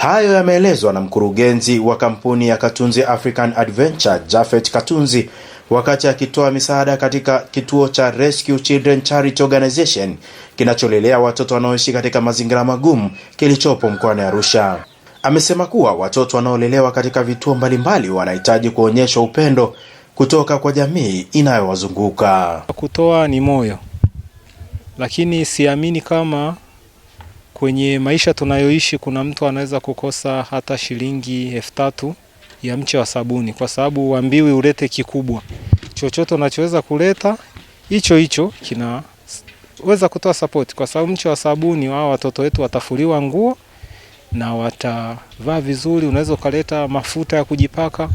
Hayo yameelezwa na mkurugenzi wa kampuni ya Katunzi African Adventure Jafet Katunzi wakati akitoa misaada katika kituo cha Rescue Children Charity Organization kinacholelea watoto wanaoishi katika mazingira magumu kilichopo mkoani Arusha. Amesema kuwa watoto wanaolelewa katika vituo mbalimbali wanahitaji kuonyeshwa upendo kutoka kwa jamii inayowazunguka. Kutoa ni moyo, lakini siamini kama Kwenye maisha tunayoishi, kuna mtu anaweza kukosa hata shilingi elfu tatu ya mche wa sabuni, kwa sababu wambiwi ulete kikubwa. Chochote unachoweza kuleta hicho hicho kinaweza kutoa support, kwa sababu mche wa sabuni, wao watoto wetu watafuliwa nguo na watavaa vizuri. Unaweza ukaleta mafuta ya kujipaka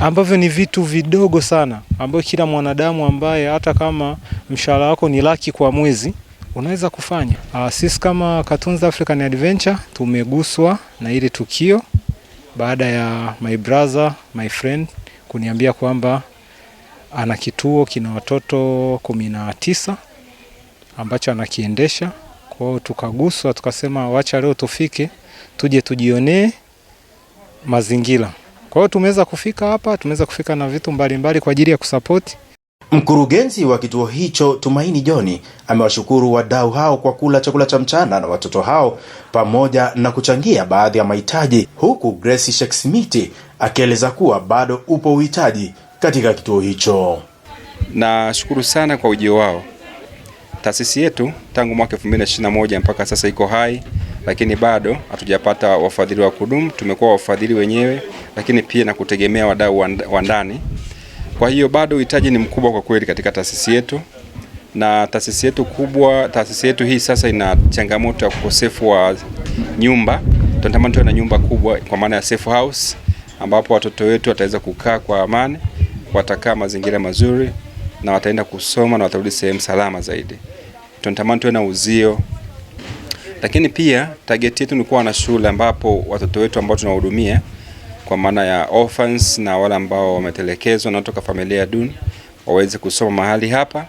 ambavyo ni vitu vidogo sana, ambayo kila mwanadamu ambaye hata kama mshahara wako ni laki kwa mwezi unaweza kufanya. Uh, sisi kama Cartoons African Adventure tumeguswa na ile tukio baada ya my brother, my friend kuniambia kwamba ana kituo kina watoto kumi na tisa ambacho anakiendesha. Kwa hiyo tukaguswa, tukasema wacha leo tufike tuje tujionee mazingira. Kwa hiyo tumeweza kufika hapa, tumeweza kufika na vitu mbalimbali mbali kwa ajili ya kusapoti Mkurugenzi wa kituo hicho Tumaini Joni amewashukuru wadau hao kwa kula chakula cha mchana na watoto hao pamoja na kuchangia baadhi ya mahitaji, huku Grace Sheksimiti akieleza kuwa bado upo uhitaji katika kituo hicho. Nashukuru sana kwa ujio wao. Taasisi yetu tangu mwaka 2021 mpaka sasa iko hai, lakini bado hatujapata wafadhili wa kudumu. Tumekuwa wafadhili wenyewe, lakini pia na kutegemea wadau wa ndani kwa hiyo bado uhitaji ni mkubwa kwa kweli katika taasisi yetu, na taasisi yetu kubwa, taasisi yetu hii sasa ina changamoto ya ukosefu wa nyumba. Tunatamani tuwe na nyumba kubwa, kwa maana ya safe house, ambapo watoto wetu wataweza kukaa kwa amani, watakaa mazingira mazuri, na wataenda kusoma na watarudi sehemu salama zaidi. Tunatamani tuwe na uzio, lakini pia target yetu ni kuwa na shule ambapo watoto wetu ambao tunawahudumia kwa maana ya orphans na wale ambao wametelekezwa na kutoka familia duni waweze kusoma mahali hapa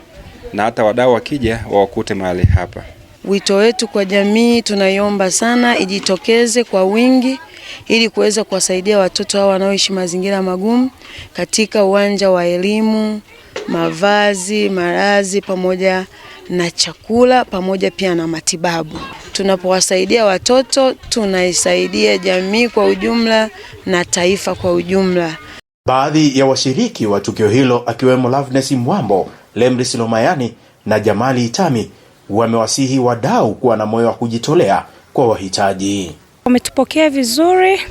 na hata wadau wakija wawakute mahali hapa. Wito wetu kwa jamii, tunaiomba sana ijitokeze kwa wingi ili kuweza kuwasaidia watoto hao wanaoishi mazingira magumu katika uwanja wa elimu, mavazi, malazi pamoja na chakula pamoja pia na matibabu tunapowasaidia watoto tunaisaidia jamii kwa ujumla na taifa kwa ujumla. Baadhi ya washiriki wa tukio hilo akiwemo Loveness Mwambo, Lemris Lomayani na Jamali Itami wamewasihi wadau kuwa na moyo wa kujitolea kwa wahitaji. Wametupokea vizuri,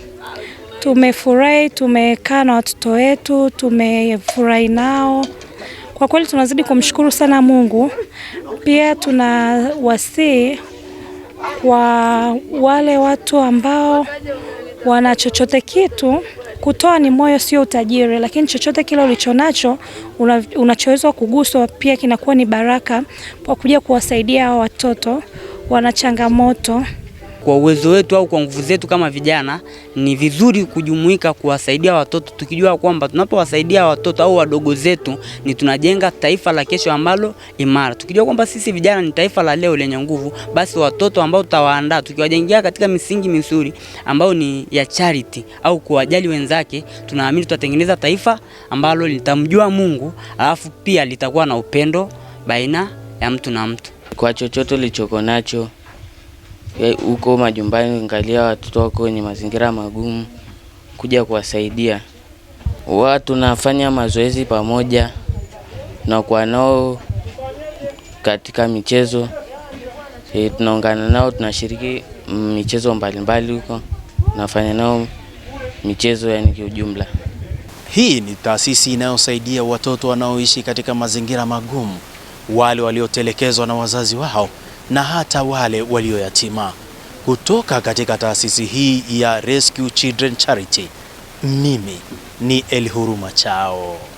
tumefurahi, tumekaa na watoto wetu, tumefurahi nao. Kwa kweli tunazidi kumshukuru sana Mungu. Pia tunawasihi wa wale watu ambao wana chochote kitu. Kutoa ni moyo, sio utajiri, lakini chochote kile ulichonacho unachoweza kuguswa, pia kinakuwa ni baraka kwa kuja kuwasaidia hao watoto wana changamoto kwa uwezo wetu au kwa nguvu zetu kama vijana, ni vizuri kujumuika kuwasaidia watoto, tukijua kwamba tunapowasaidia watoto au wadogo zetu ni tunajenga taifa la kesho ambalo imara. Tukijua kwamba sisi vijana ni taifa la leo lenye nguvu, basi watoto ambao tutawaandaa tukiwajengea katika misingi mizuri ambayo ni ya charity au kuwajali wenzake, tunaamini tutatengeneza taifa ambalo litamjua Mungu, alafu pia litakuwa na upendo baina ya mtu na mtu. Kwa chochote ulichoko nacho Eh, huko majumbani, angalia watoto wako wenye mazingira magumu, kuja kuwasaidia. Huwa tunafanya mazoezi pamoja na kwa nao katika michezo e, tunaungana nao, tunashiriki michezo mbalimbali huko, nafanya nao michezo yani kiujumla. Hii ni taasisi inayosaidia watoto wanaoishi katika mazingira magumu, wale waliotelekezwa na wazazi wao na hata wale walioyatima. Kutoka katika taasisi hii ya Rescue Children Charity, mimi ni Elhuruma Chao.